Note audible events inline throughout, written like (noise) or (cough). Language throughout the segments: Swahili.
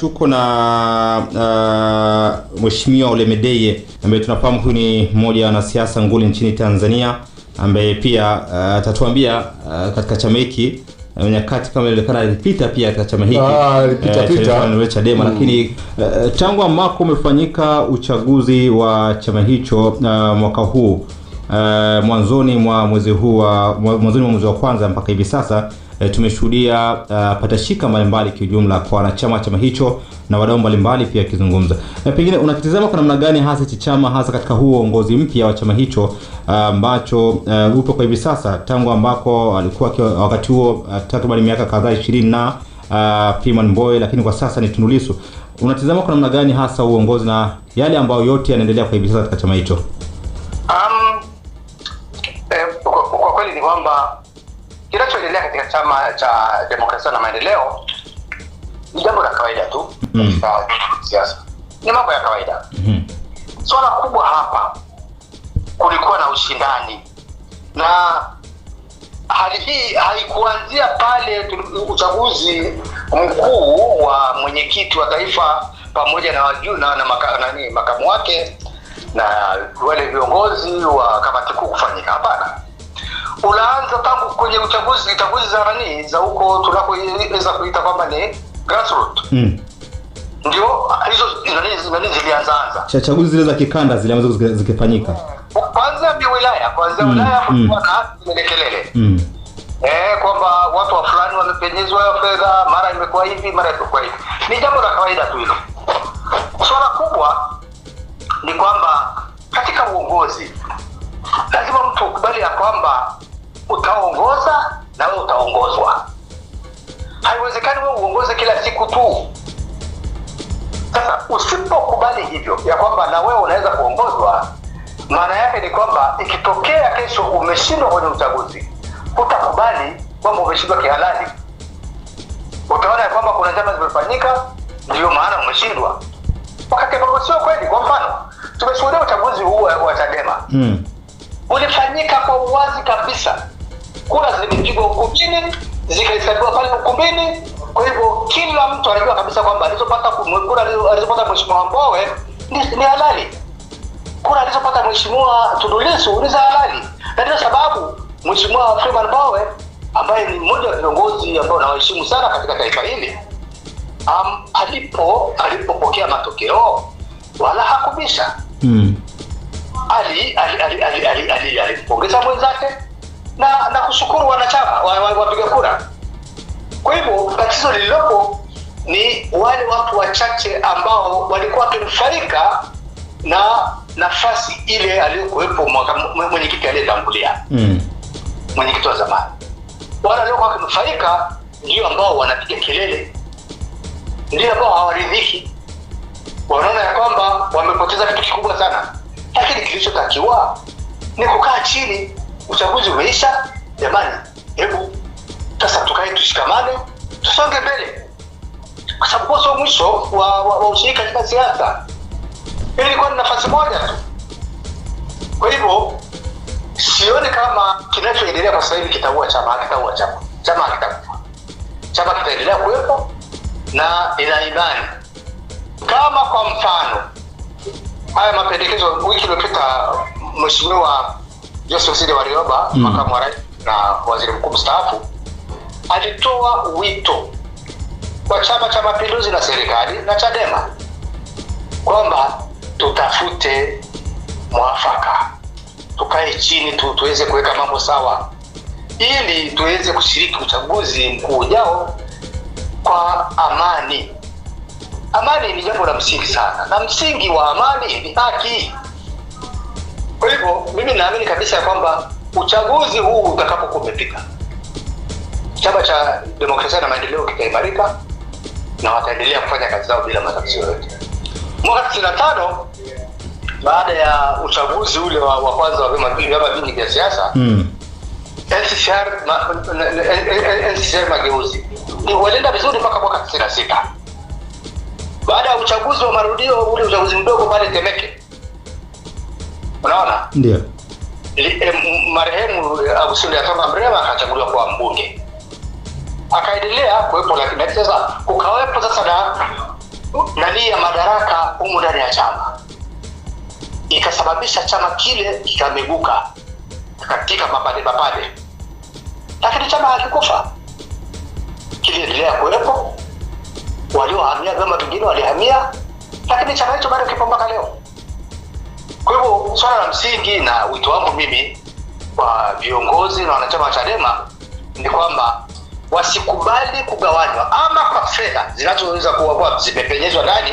Tuko na uh, Mheshimiwa Ole Medeye ambaye tunafahamu huyu ni mmoja wa wanasiasa nguli nchini Tanzania ambaye pia uh, atatuambia uh, uh, katika chama hiki uh, nyakati kama ilionekana alipita pia katika chama hiki ah, uh, Chadema mm. Lakini uh, tangu ambako umefanyika uchaguzi wa chama hicho uh, mwaka huu Eh, mwanzoni mwa mwezi huu wa mwanzoni mwa mwezi wa kwanza mpaka hivi sasa E, tumeshuhudia uh, patashika mbalimbali kiujumla kwa wanachama wa chama hicho na wadau mbalimbali pia akizungumza. E, pengine unakitizama kwa namna gani hasa cha chama hasa katika huo uongozi mpya wa chama hicho ambacho uh, uh, upo kwa hivi sasa tangu ambako alikuwa wakati huo uh, takriban miaka kadhaa ishirini na uh, Freeman Mbowe, lakini kwa sasa ni Tundu Lissu. Unatizama kwa namna gani hasa uongozi na yale ambayo yote yanaendelea kwa hivi sasa katika chama hicho? kwamba kinachoendelea katika chama cha demokrasia na maendeleo ni jambo la kawaida tu mm. siasa, ni mambo ya kawaida mm. Swala kubwa hapa, kulikuwa na ushindani na hali hii haikuanzia pale uchaguzi mkuu wa mwenyekiti wa taifa pamoja na wajuu na, na maka, nani, makamu wake na wale viongozi wa kamati kuu kufanyika. Hapana, unaanza tangu kwenye uchaguzi uchaguzi za nani za huko tunakoweza kuita kwamba ni grassroots mm. ndio hizo nani zilianzaanza cha chaguzi zile za kikanda zile ambazo zikifanyika kwanza ni wilaya kwanza mm. wilaya mm. kwa na kelele mm. eh kwamba watu wa fulani wamepenyezwa fedha mara imekuwa hivi mara imekuwa hivi ni jambo la kawaida tu hilo swala kubwa ni kwamba katika uongozi lazima mtu ukubali ya kwamba siku tu. Sasa usipokubali hivyo ya kwamba na wewe unaweza kuongozwa, maana yake ni kwamba ikitokea kesho umeshindwa kwenye uchaguzi, hutakubali kwamba umeshindwa kihalali. Utaona ya kwamba kuna njama zimefanyika, ndio maana umeshindwa, wakati ambapo sio kweli. Kwa mfano, tumeshuhudia uchaguzi huu wa Chadema mm. ulifanyika kwa uwazi kabisa, kura zilipigwa ukumbini, zikahesabiwa pale ukumbini kwa hivyo kila mtu anajua kabisa kwamba alizopata kura alizopata mheshimiwa Mbowe ni, ni halali, kura alizopata mheshimiwa Tundu Lissu ni za halali, na ndio sababu mheshimiwa Freeman Mbowe ambaye ni mmoja wa viongozi ambao nawaheshimu sana katika taifa hili um, alipo alipopokea matokeo wala hakubisha mm. ali alimpongeza ali, ali, ali, ali, ali, ali mwenzake na na kushukuru wanachama wapiga wa, wa kura kwa hivyo tatizo lililopo ni wale watu wachache ambao walikuwa wakinufaika na nafasi ile aliyokuwepo mwenyekiti aliyetangulia, mm. wa zamani. Wale waliokuwa wakinufaika ndio ambao wanapiga kelele, ndio ambao hawaridhiki, wanaona ya kwamba wamepoteza kitu kikubwa sana, lakini kilichotakiwa ni kukaa chini. Uchaguzi umeisha, jamani, tuungane, tushikamane, tusonge mbele, kwa sababu kuwa sio mwisho wa, wa, wa ushiriki katika siasa. ili ilikuwa ni nafasi moja tu. Kwa hivyo sioni kama kinachoendelea kwa sasa kitaua chama, hakitaua chama, chama hakitakufa, chama kitaendelea kuwepo na ina imani kama kwa mfano haya mapendekezo wiki iliyopita Mheshimiwa Joseph Sile Warioba mm, makamu wa rais na waziri mkuu mstaafu alitoa wito kwa Chama cha Mapinduzi na serikali na Chadema kwamba tutafute mwafaka, tukae chini tu, tuweze kuweka mambo sawa ili tuweze kushiriki uchaguzi mkuu ujao kwa amani. Amani ni jambo la msingi sana, na msingi wa amani ni haki. Kwa hivyo mimi naamini kabisa ya kwamba uchaguzi huu utakapokuwa umepika Chama cha Demokrasia na Maendeleo kitaimarika na wataendelea kufanya kazi zao bila matatizo yoyote. Mwaka 95 baada ya uchaguzi ule wa, wa kwanza wa vyama vingi vya siasa mm. ma, Mageuzi walienda vizuri mpaka mwaka 96 baada ya uchaguzi wa marudio ule uchaguzi mdogo pale Temeke, unaona ndio eh, marehemu Agustino Lyatonga Mrema akachaguliwa kuwa mbunge akaendelea kuwepo, lakini sasa kukawepo sasa na nani ya madaraka humu ndani ya chama, ikasababisha chama kile kikameguka katika mapade mapade, lakini chama hakikufa, kiliendelea kuwepo. Waliohamia vyama vingine walihamia, lakini chama hicho bado kipo mpaka leo. Kwa hivyo swala la msingi na wito wangu mimi kwa viongozi na wanachama wa Chadema ni kwamba wasikubali kugawanywa ama kwa fedha zinazoweza kuwa zimepenyezwa ndani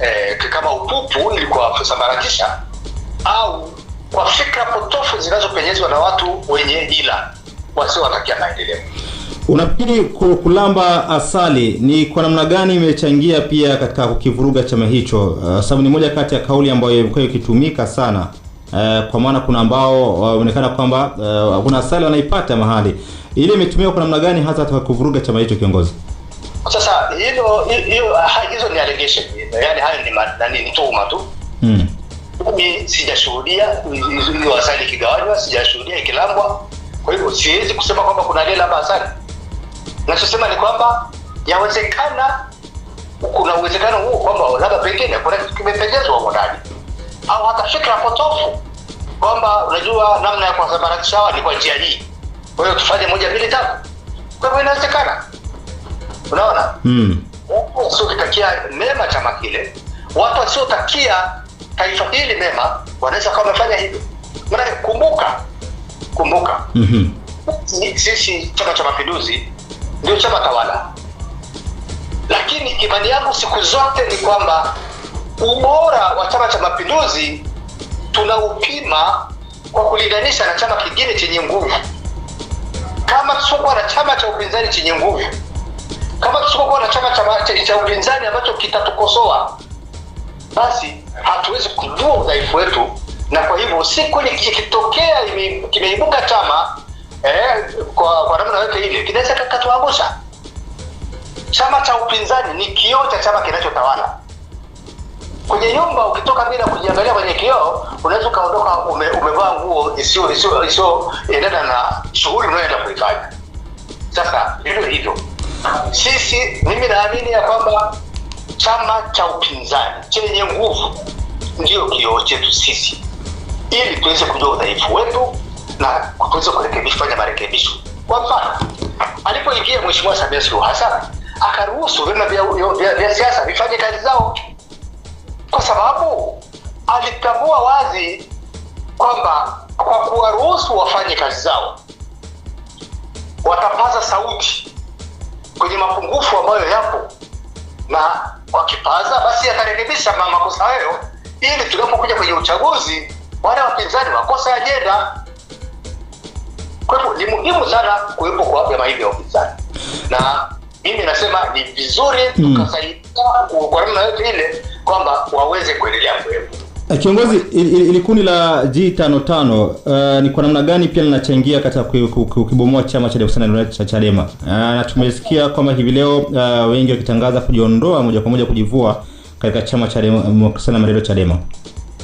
eh, kama upupu ili kuwasambaratisha au kwa fikra potofu zinazopenyezwa na watu wenye ila wasiowatakia maendeleo. Unafikiri kulamba asali ni kwa namna gani imechangia pia katika kukivuruga chama hicho? Uh, sababu ni moja kati ya kauli ambayo imekuwa ikitumika sana Eh, kwa maana kuna ambao eh, waonekana kwamba eh, kuna asali wanaipata mahali ile imetumiwa kwa namna gani hasa hata kuvuruga chama hicho kiongozi? Sasa hilo hiyo ah, hizo ni allegation, yani hayo ni nani, ni tuhuma tu mm. Mimi sijashuhudia hiyo asali kigawanywa sijashuhudia ikilambwa, kwa hivyo siwezi kusema kwamba kuna lela ama asali. Nachosema ni kwamba yawezekana kuna uwezekano huo kwamba labda pengine kuna kitu kimependezwa huko ndani au hata fikra potofu kwamba unajua namna ya kuwasambaratisha hawa ni kwa njia hii, kwa hiyo tufanye moja mbili tatu. Kwa hivyo inawezekana, unaona mm. wasiotakia mema chama kile, watu wasiotakia taifa hili mema wanaweza kawa wamefanya hivyo. Maanake kumbuka, kumbuka mm -hmm. sisi Chama cha Mapinduzi ndio chama tawala, lakini imani yangu siku zote ni kwamba ubora wa Chama cha Mapinduzi tunaupima kwa kulinganisha na chama kingine chenye nguvu. Kama tusipokuwa na chama cha upinzani chenye nguvu, kama tusipokuwa na chama cha, cha upinzani ambacho kitatukosoa, basi hatuwezi kujua udhaifu wetu, na kwa hivyo siku ikitokea kimeibuka chama eh, kwa, kwa namna yote ile kinaweza kikatuangusha. Chama cha upinzani ni kioo cha chama kinachotawala kwenye nyumba ukitoka bila kujiangalia kwenye kioo unaweza ukaondoka umevaa nguo isiyo isiyo endana na shughuli unayoenda kuifanya sasa hivyo hivyo sisi mimi naamini ya kwamba chama cha upinzani chenye nguvu ndio kioo chetu sisi ili tuweze kujua udhaifu wetu na tuweze kurekebisha fanya marekebisho kwa mfano alipoingia mweshimua samia suluhu hasan akaruhusu vyama vya siasa vifanye kazi zao kwa sababu alitambua wazi kwamba kwa kuwaruhusu wafanye kazi zao watapaza sauti kwenye mapungufu ambayo yapo na wakipaza basi atarekebisha makosa hayo ili tunapokuja kwenye uchaguzi wale wapinzani wakosa ajenda kwa hivyo ni muhimu sana kuwepo kwa vyama hivi vya upinzani na mimi nasema ni vizuri hmm. tukasaidia mm. kwa namna yote ile kwamba waweze kuendelea kuwepo. Eh, kiongozi, ili kundi la G55 uh, ni kwa namna gani pia linachangia katika kukibomoa chama cha Demokrasia cha Chadema? Uh, na tumesikia kwamba hivi leo uh, wengi wakitangaza kujiondoa moja kwa moja, kujivua katika chama cha Demokrasia na Maendeleo Chadema.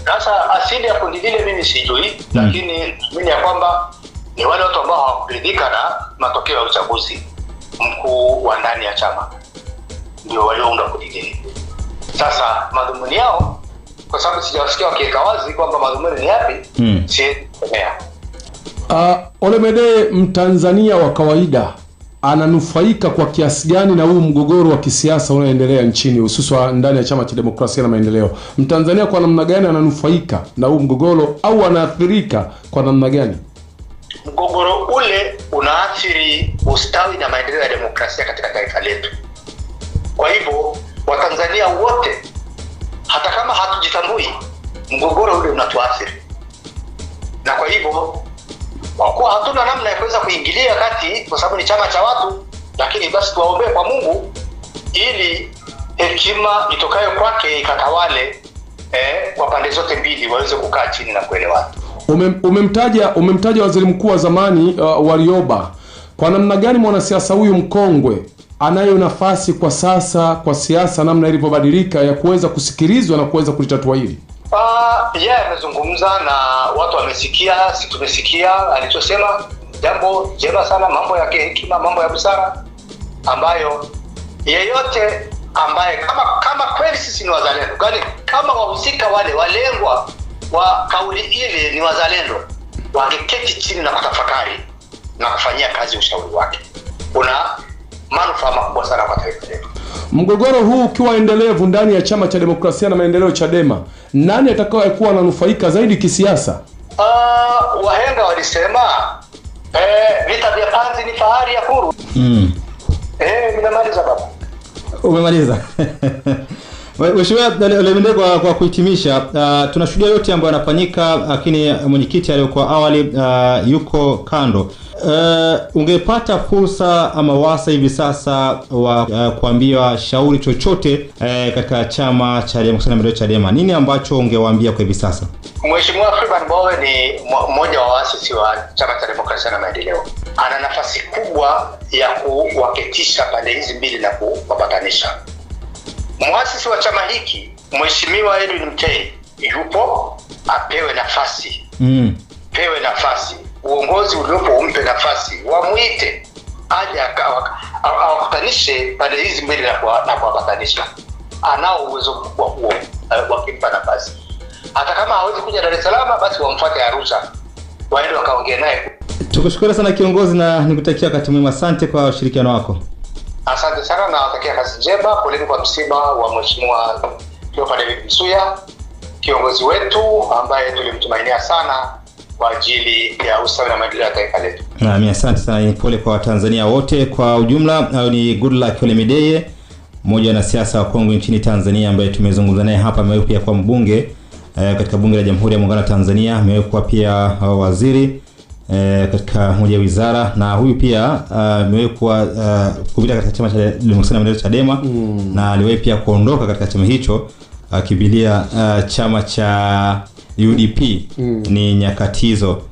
Sasa asili ya kundi lile mimi sijui hmm, lakini mimi ya kwamba ni wale watu ambao hawakuridhika na matokeo ya uchaguzi mkuu wa ndani ya chama ndio waliounda kundi lile. Sasa madhumuni yao kwa sababu sijawasikia wakiweka wazi kwamba madhumuni ni yapi, mm. siwezi kusemea. Uh, ah, Olemede, mtanzania wa kawaida ananufaika kwa kiasi gani na huu mgogoro wa kisiasa unaoendelea nchini hususan ndani ya chama cha demokrasia na maendeleo? Mtanzania kwa namna gani ananufaika na huu mgogoro au anaathirika kwa namna gani? Mgogoro ule unaathiri ustawi na maendeleo ya demokrasia katika taifa letu. Kwa hivyo Watanzania wote, hata kama hatujitambui, mgogoro ule unatuathiri, na kwa hivyo, kwa kuwa hatuna namna ya kuweza kuingilia kati, kwa sababu ni chama cha watu, lakini basi tuwaombee kwa Mungu ili hekima itokayo kwake ikatawale eh, kwa pande zote mbili waweze kukaa chini na kuelewana. umemtaja ume umemtaja waziri mkuu wa zamani uh, Warioba. Kwa namna gani mwanasiasa huyu mkongwe anayo nafasi kwa sasa kwa siasa namna ilivyobadilika ya kuweza kusikilizwa na kuweza kulitatua hili? Uh, yeye yeah, amezungumza na watu wamesikia, si tumesikia alichosema, jambo jema sana, mambo ya hekima, mambo ya busara ambayo yeyote ambaye kama kama kweli sisi ni wazalendo, kwani kama wahusika wale walengwa wa kauli ile ni wazalendo, wangeketi chini na kutafakari na kufanyia kazi ushauri wake. Kuna manufaa makubwa sana kwa taifa letu. Mgogoro huu ukiwa endelevu ndani ya chama cha demokrasia na maendeleo CHADEMA, nani atakayekuwa ananufaika zaidi kisiasa? Uh, wahenga walisema eh, vita vya panzi ni fahari ya kuru. Mm. Eh, nimemaliza baba. Umemaliza. (laughs) Mheshimiwa, Lemende, kwa, kwa kuhitimisha, uh, tunashuhudia yote ambayo yanafanyika, lakini uh, mwenyekiti aliyokuwa awali uh, yuko kando. Uh, ungepata fursa ama wasa hivi sasa wa uh, kuambiwa shauri chochote uh, katika chama cha Demokrasia Chadema, nini ambacho ungewaambia kwa hivi sasa? Mheshimiwa Freeman Mbowe ni mmoja wa waasisi wa chama cha Demokrasia na Maendeleo, ana nafasi kubwa ya kuwaketisha pande hizi mbili na kuwapatanisha Mwasisi wa chama hiki Mheshimiwa Edwin Mtei yupo, apewe nafasi mm. pewe nafasi, uongozi uliopo umpe nafasi, wamwite aje awakutanishe pande hizi mbili na kuwapatanisha. Anao uwezo mkubwa huo eh, wakimpa nafasi. Hata kama hawezi kuja Dar es Salaam, basi wamfuate Arusha, waende wakaongea naye. Tukushukuru sana kiongozi, na nikutakia wakati mwema. Asante kwa ushirikiano wako. Asante sana na watakia kazi njema. Poleni kwa msiba wa mheshimiwa Cleopa David Msuya, kiongozi wetu ambaye tulimtumainia sana kwa ajili ya ustawi na maendeleo ya taifa letu. Naam, asante sana, pole kwa Watanzania wote kwa ujumla. Au ni Goodluck Ole mmoja wa siasa wa kongwe nchini Tanzania ambaye tumezungumza naye hapa. Amewahi pia kwa mbunge eh, katika bunge la Jamhuri ya Muungano wa Tanzania, amewahi kuwa pia eh, waziri e, katika moja ya wizara na huyu pia eh, amewekwa uh, uh, eh, kupita katika chama cha Demokrasia na Maendeleo Chadema mm. na aliwahi pia kuondoka katika chama hicho akibilia uh, uh, chama cha UDP mm. ni nyakatizo